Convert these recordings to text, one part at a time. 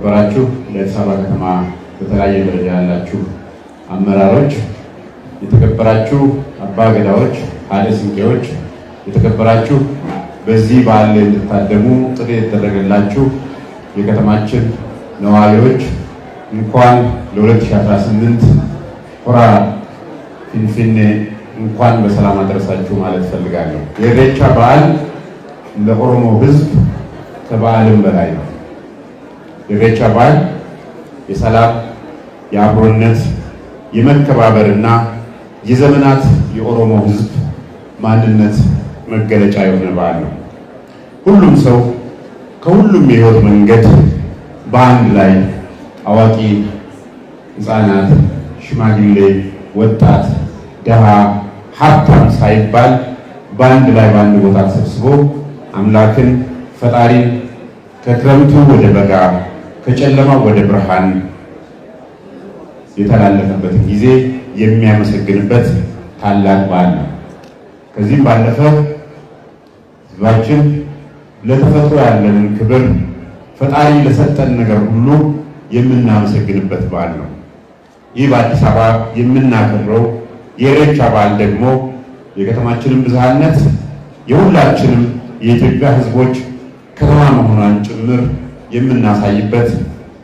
የተከበራችሁ ለአዲስ አበባ ከተማ በተለያየ ደረጃ ያላችሁ አመራሮች፣ የተከበራችሁ አባገዳዎች፣ ሀደ ስንቄዎች፣ የተከበራችሁ በዚህ በዓል ላይ እንድታደሙ ጥሪ የተደረገላችሁ የከተማችን ነዋሪዎች እንኳን ለ2018 ኩራ ፊንፊኔ እንኳን በሰላም አደረሳችሁ ማለት እፈልጋለሁ። የኢሬቻ በዓል ለኦሮሞ ሕዝብ ከበዓልም በላይ ነው። የኢሬቻ በዓል የሰላም፣ የአብሮነት፣ የመከባበርና የዘመናት የኦሮሞ ሕዝብ ማንነት መገለጫ የሆነ በዓል ነው። ሁሉም ሰው ከሁሉም የህይወት መንገድ በአንድ ላይ አዋቂ፣ ህፃናት፣ ሽማግሌ፣ ወጣት፣ ደሃ፣ ሀብታም ሳይባል በአንድ ላይ በአንድ ቦታ ተሰብስቦ አምላክን ፈጣሪን ከክረምቱ ወደ በጋ ከጨለማ ወደ ብርሃን የተላለፈበትን ጊዜ የሚያመሰግንበት ታላቅ በዓል ነው። ከዚህም ባለፈ ሕዝባችን ለተፈጥሮ ያለንን ክብር ፈጣሪ ለሰጠን ነገር ሁሉ የምናመሰግንበት በዓል ነው። ይህ በአዲስ አበባ የምናከብረው የኢሬቻ በዓል ደግሞ የከተማችንን ብዝሃነት የሁላችንም የኢትዮጵያ ሕዝቦች ከተማ መሆኗን ጭምር የምናሳይበት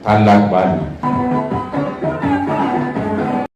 ታላቅ በዓል ነው።